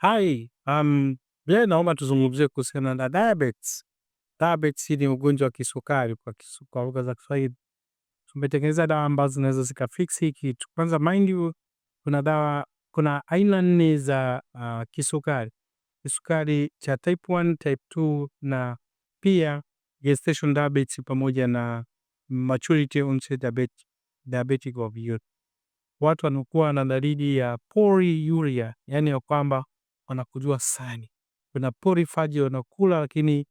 Hi, um, leo naomba tuzungumzie kuhusiana na diabetes. Diabetes ni ugonjwa wa kisukari kwa kisu, kwa lugha za Kiswahili. Tumetengeneza dawa ambazo zinaweza zikafix hii kitu. Kwanza mind you, kuna dawa kuna aina nne za uh, kisukari. Kisukari cha type 1, type 2 na pia gestation diabetes pamoja na maturity onset diabetes, diabetic of youth. Watu wanakuwa na dalili ya polyuria, yani ya kwamba wanakujua sana. Kuna porifaji wanakula, lakini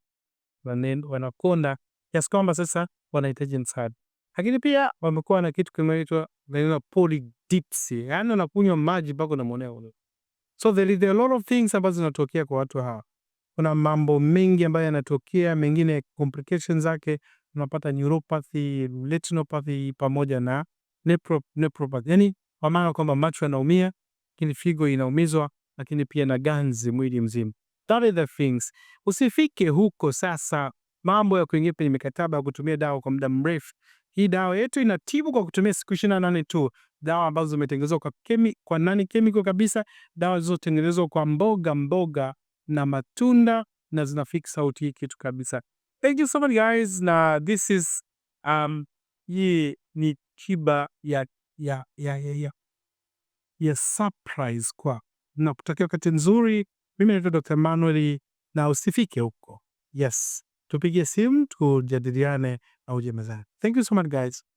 wanakonda kiasi kwamba sasa wanahitaji msaada. Lakini pia wamekuwa na kitu kinaitwa neno polydipsia, yani wanakunywa maji mpaka unamwonea ule. So there is a lot of things ambazo zinatokea kwa watu hawa. Kuna mambo mengi ambayo yanatokea, mengine complications zake unapata neuropathy, retinopathy pamoja na nepropathy. Yani kwa maana kwamba macho yanaumia, lakini figo inaumizwa, lakini pia na ganzi mwili mzima. That is the things. Usifike huko sasa, mambo ya kuingia kwenye mikataba ya kutumia dawa kwa muda mrefu. Hii dawa yetu inatibu kwa kutumia siku 28 tu, dawa ambazo zimetengenezwa kwa kemi, kwa nani kemiko kabisa, dawa zilizotengenezwa kwa mboga mboga na matunda na zina fix out hii kitu kabisa. Thank you so much guys, na this is um, hii ni tiba ya ya ya ya, ya ya surprise kwako na kutakia wakati nzuri. Mimi naitwa Dr. Manuel na usifike huko. Yes, tupigie simu tujadiliane na uje mezani. Thank you so much guys.